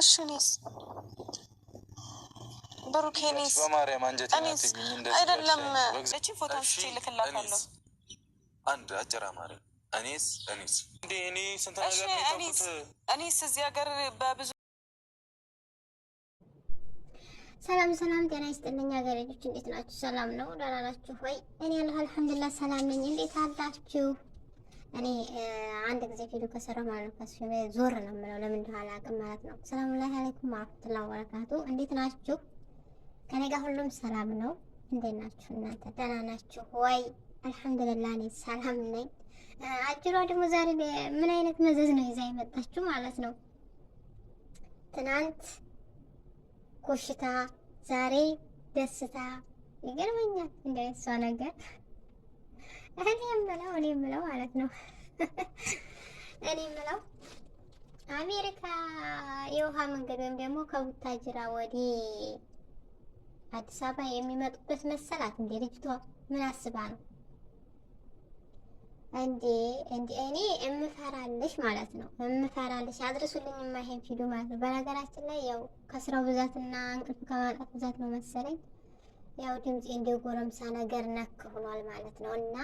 እሺ እኔስ ብሩኬ እኔስ በማርያም አንጀት አይደለም። ፎቶ አንድ አጭር አማሪ እኔስ እኔስ እንዴ እኔ ስንት ነገር እኔስ እዚህ ሀገር በብዙ ሰላም ሰላም፣ ጤና ይስጥልኝ ሀገሬ ልጆች፣ እንዴት ናችሁ? ሰላም ነው? ደህና ናችሁ ወይ? እኔ አልሐምዱሊላህ ሰላም ነኝ። እንዴት አላችሁ? እኔ አንድ ጊዜ ቪዲዮ ከሰራ ማለት ነው ከሱ ዞር ነው የምለው፣ ለምን እንደሆነ አላውቅም ማለት ነው። ሰላም አለይኩም ወራህመቱላሂ ወበረካቱ። እንዴት ናችሁ? ከኔ ጋር ሁሉም ሰላም ነው። እንዴት ናችሁ እናንተ? ደህና ናችሁ ወይ? አልሐምዱሊላህ እኔ ሰላም ነኝ። አጅሯ ደግሞ ዛሬ ምን አይነት መዘዝ ነው ይዛ የመጣችሁ ማለት ነው። ትናንት ኮሽታ፣ ዛሬ ደስታ። ይገርመኛል እንደሷ ነገር እኔ የምለው እኔ የምለው ማለት ነው እኔ የምለው አሜሪካ የውሃ መንገድ ወይም ደግሞ ከቡታጅራ ወዲህ አዲስ አበባ የሚመጡበት መሰላት እንዴ? ልጅቷ ምን አስባ ነው እንዴ? እንዴ እኔ እምፈራልሽ ማለት ነው እምፈራልሽ። አድርሱልኝ የማይሄን ፊዱ ማለት ነው። በነገራችን ላይ ያው ከስራው ብዛትና እንቅልፍ ከማጣት ብዛት ነው መሰለኝ ያው ድምፄ እንደ ጎረምሳ ነገር ነክ ሆኗል ማለት ነው እና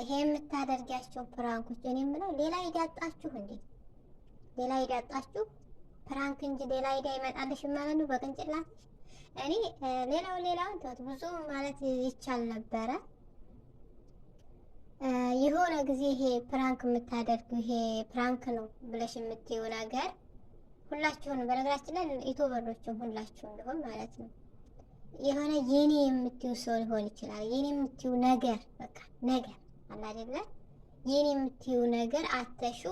ይሄ የምታደርጋቸው ፕራንኮች እኔ የምለው ሌላ ይዳጣችሁ እንዴ? ሌላ ይዳጣችሁ ፕራንክ እንጂ ሌላ ይዳ አይመጣልሽ ማለት ነው በቅንጭላትሽ። እኔ ሌላው ሌላውን ተውት፣ ብዙ ማለት ይቻል ነበረ። የሆነ ጊዜ ይሄ ፕራንክ የምታደርጉ ይሄ ፕራንክ ነው ብለሽ የምትይው ነገር ሁላችሁን፣ በነገራችን ላይ ኢትዮበሮችም ሁላችሁ እንደሆን ማለት ነው የሆነ የኔ የምትዩ ሰው ሊሆን ይችላል። የኔ የምትዩ ነገር በቃ ነገር አላደለ የኔ የምትዩ ነገር አተሹ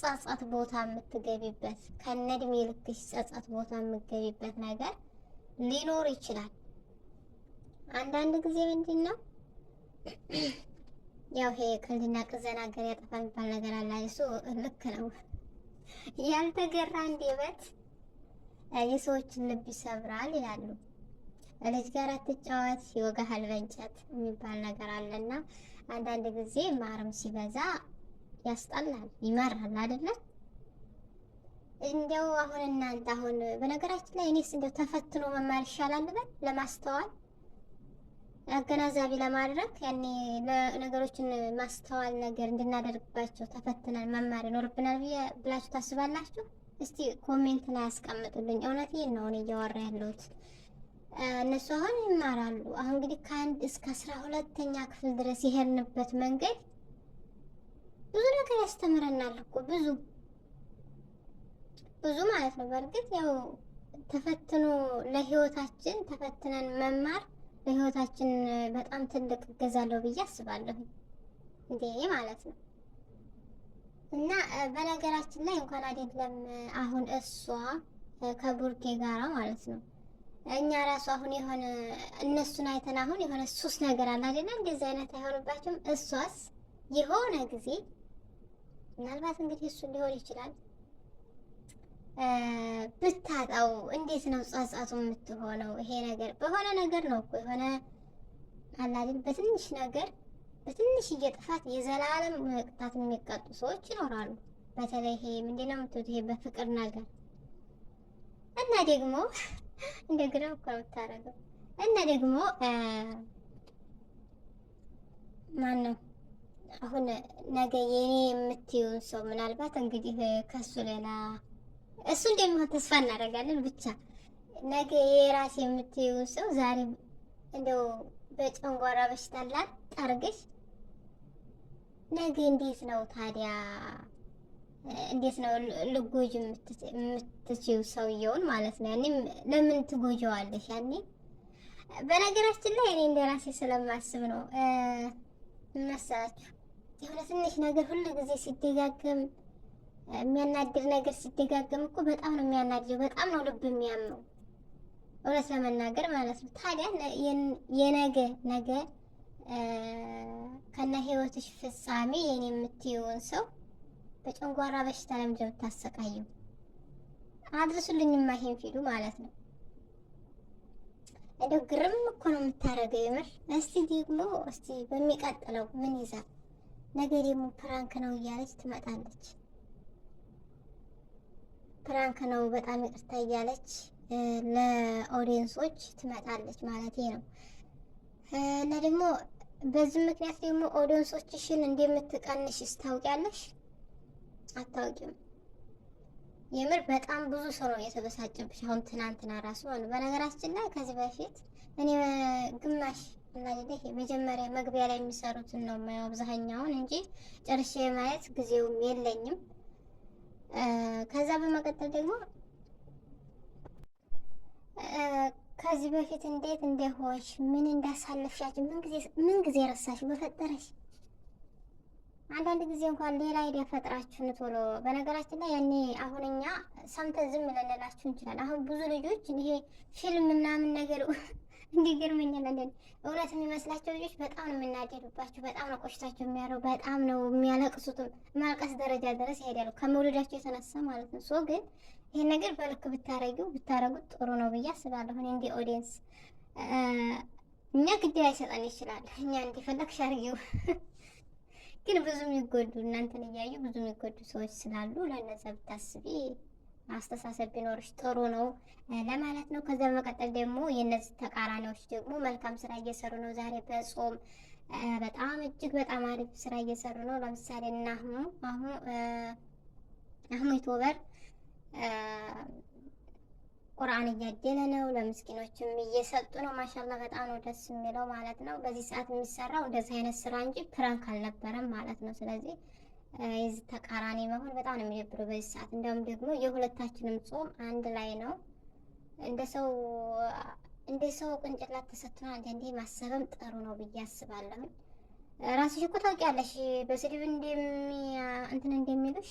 ጸጸት ቦታ የምትገቢበት ከነድሜ ልክሽ ጸጸት ቦታ የምትገቢበት ነገር ሊኖር ይችላል። አንዳንድ ጊዜ ምንድን ነው ያው ይሄ ቀልድና ቅዘና ሀገር ያጠፋ የሚባል ነገር አለ። እሱ ልክ ነው። ያልተገራ እንዴበት የሰዎችን ልብ ይሰብራል ይላሉ። ልጅ ጋር አትጫወት ይወጋሃል በእንጨት የሚባል ነገር አለና አንዳንድ ጊዜ ማርም ሲበዛ ያስጠላል፣ ይመራል አይደለ? እንደው አሁን እናንተ አሁን በነገራችን ላይ እኔስ እንደው ተፈትኖ መማር ይሻላል ለማስተዋል አገናዛቢ ለማድረግ ያኔ ነገሮችን ማስተዋል ነገር እንድናደርግባቸው ተፈትነን መማር ይኖርብናል ብላችሁ ታስባላችሁ? እስቲ ኮሜንት ላይ ያስቀምጡልኝ። እውነቴን ነው እኔ እያወራ ያለሁት። እነሱ አሁን ይማራሉ። አሁን እንግዲህ ከአንድ እስከ አስራ ሁለተኛ ክፍል ድረስ የሄድንበት መንገድ ብዙ ነገር ያስተምረናል እኮ ብዙ ብዙ ማለት ነው። በእርግጥ ያው ተፈትኖ ለህይወታችን ተፈትነን መማር ለህይወታችን በጣም ትልቅ እገዛለሁ ብዬ አስባለሁ። እንዴ ማለት ነው። እና በነገራችን ላይ እንኳን አይደለም አሁን እሷ ከቡርኬ ጋራ ማለት ነው እኛ ራሱ አሁን የሆነ እነሱን አይተን አሁን የሆነ ሱስ ነገር አለ አይደለ? እንደዚህ አይነት አይሆንባቸውም። እሷስ የሆነ ጊዜ ምናልባት እንግዲህ እሱ ሊሆን ይችላል ብታጣው እንዴት ነው ጸጸቱ የምትሆነው? ይሄ ነገር በሆነ ነገር ነው እኮ የሆነ አላድን በትንሽ ነገር በትንሽ እየጥፋት የዘላለም ቅጣት የሚቀጡ ሰዎች ይኖራሉ። በተለይ ይሄ ምንድነው የምትሉት ይሄ በፍቅር ነገር እና ደግሞ እንደገና ግራው እኮ የምታደርገው እና ደግሞ ማን ነው አሁን ነገ የኔ የምትይውን ሰው ምናልባት እንግዲህ ከሱ ሌላ እሱ እንደሚሆን ተስፋ እናደርጋለን። ብቻ ነገ የራሴ የምትይውን ሰው ዛሬ እንደው በጨንጓራ በሽታላ ላጥ ነገ እንዴት ነው ታዲያ? እንዴት ነው ልጎጅ የምትችው ሰውየውን ማለት ነው። ያኔም ለምን ትጎጀዋለሽ? ያኔ በነገራችን ላይ እኔ እንደ ራሴ ስለማስብ ነው መሰላችሁ የሆነ ትንሽ ነገር ሁሉ ጊዜ ሲደጋገም የሚያናድር ነገር ሲደጋገም እኮ በጣም ነው የሚያናድደው፣ በጣም ነው ልብ የሚያምነው እውነት ለመናገር ማለት ነው። ታዲያ የነገ ነገ ከነ ህይወትሽ ፍጻሜ የኔ የምትየውን ሰው በጨንጓራ በሽታ ለምንድን ነው የምታሰቃየው? አድርሱልኝማ ይሄን ፊሉ ማለት ነው። እንደው ግርም እኮ ነው የምታደርገው የምር። እስቲ ደግሞ እስቲ በሚቀጥለው ምን ይዛል? ነገ ደግሞ ፕራንክ ነው እያለች ትመጣለች። ፕራንክ ነው በጣም ይቅርታ እያለች ለኦዲየንሶች ትመጣለች ማለት ነው። እና ደግሞ በዚህ ምክንያት ደግሞ ኦዲየንሶችሽን እንደምትቀንሽ ታውቂያለሽ። አታውቂም። የምር በጣም ብዙ ሰው ነው የተበሳጨብሽ። አሁን ትናንትና ራሱ ነው። በነገራችን ላይ ከዚህ በፊት እኔ ግማሽ እናዚህ መጀመሪያ መግቢያ ላይ የሚሰሩትን ነው የማየው አብዛኛውን እንጂ ጨርሼ ማየት ጊዜውም የለኝም። ከዛ በመቀጠል ደግሞ ከዚህ በፊት እንዴት እንደሆንሽ ምን እንዳሳለፍሻችሁ ምን ጊዜ ምን ጊዜ ረሳሽ በፈጠረሽ አንዳንድ ጊዜ እንኳን ሌላ አይዲያ ፈጥራችሁን ቶሎ። በነገራችን ላይ ያኔ አሁን እኛ ሰምተን ዝም ልንላችሁ እንችላለን። አሁን ብዙ ልጆች ይሄ ፊልም ምናምን ነገር እንዲገርመኛል እውነት የሚመስላቸው ልጆች በጣም ነው የምናደዱባቸው። በጣም ነው ቆሽታቸው የሚያረው። በጣም ነው የሚያለቅሱት። ማልቀስ ደረጃ ድረስ ይሄዳሉ ከመውለዳቸው የተነሳ ማለት ነው። ሶ ግን ይሄን ነገር በልክ ብታረጊው ብታረጉት ጥሩ ነው ብዬ አስባለሁ። እኔ እንደ ኦዲየንስ እኛ ግዴ አይሰጠን ይችላል። እኛ እንዲፈለግ ሻርጊው ግን ብዙ የሚጎዱ እናንተን እያዩ ብዙ የሚጎዱ ሰዎች ስላሉ ለነዛ ብታስቢ አስተሳሰብ ቢኖርሽ ጥሩ ነው ለማለት ነው። ከዛ በመቀጠል ደግሞ የእነዚህ ተቃራኒዎች ደግሞ መልካም ስራ እየሰሩ ነው። ዛሬ በጾም በጣም እጅግ በጣም አሪፍ ስራ እየሰሩ ነው። ለምሳሌ እና አህሙ አህሙ ዩቱበር ቁርአን እያደለ ነው፣ ለምስኪኖችም እየሰጡ ነው። ማሻላ በጣም ነው ደስ የሚለው ማለት ነው። በዚህ ሰዓት የሚሰራው እንደዚህ አይነት ስራ እንጂ ፕራንክ አልነበረም ማለት ነው። ስለዚህ የዚህ ተቃራኒ መሆን በጣም ነው የሚደብረው በዚህ ሰዓት። እንዲሁም ደግሞ የሁለታችንም ጾም አንድ ላይ ነው። እንደ ሰው እንደ ሰው ቅንጭላት ተሰጥቷል። አንዳንዴ ማሰብም ጥሩ ነው ብዬ አስባለሁ ራስሽ እኮ ታውቂያለሽ በስድብ እንደሚ እንትን እንደሚሉሽ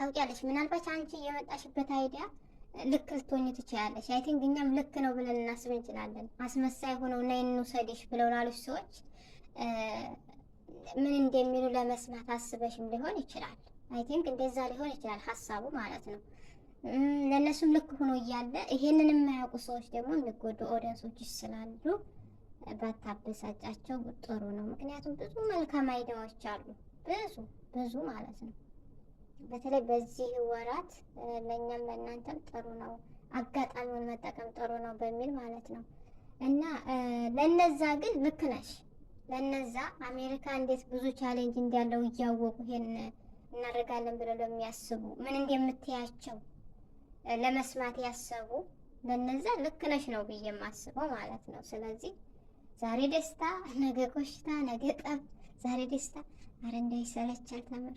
ታውቂያለሽ። ምናልባት አንቺ የመጣሽበት አይዲያ ልክ ልትሆኝ ትችላለች። አይ ቲንክ እኛም ልክ ነው ብለን እናስብ እንችላለን። አስመሳይ ሆነው እና እንውሰድሽ ብለው ላሉች ሰዎች ምን እንደሚሉ ለመስማት አስበሽም ሊሆን ይችላል። አይ ቲንክ እንደዛ ሊሆን ይችላል ሀሳቡ ማለት ነው። ለእነሱም ልክ ሆኖ እያለ ይሄንን የማያውቁ ሰዎች ደግሞ የሚጎዱ ኦዲየንሶች ስላሉ ባታበሳጫቸው ጥሩ ነው። ምክንያቱም ብዙ መልካም አይዲያዎች አሉ፣ ብዙ ብዙ ማለት ነው። በተለይ በዚህ ወራት ለእኛም ለእናንተም ጥሩ ነው፣ አጋጣሚውን መጠቀም ጥሩ ነው በሚል ማለት ነው። እና ለነዛ ግን ልክ ነሽ። ለነዛ አሜሪካ እንዴት ብዙ ቻሌንጅ እንዳለው እያወቁ ይሄን እናደርጋለን ብለው ለሚያስቡ ምን እንደምትያቸው ለመስማት ያሰቡ ለነዛ ልክ ነሽ ነው ብዬ የማስበው ማለት ነው። ስለዚህ ዛሬ ደስታ፣ ነገ ቆሽታ፣ ነገ ጠብ፣ ዛሬ ደስታ። አረ እንዳይሰለቻል ተምር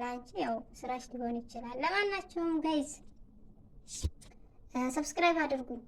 ለአንቺ ያው ስራሽ ሊሆን ይችላል። ለማናቸውም ጋይዝ ሰብስክራይብ አድርጉኝ።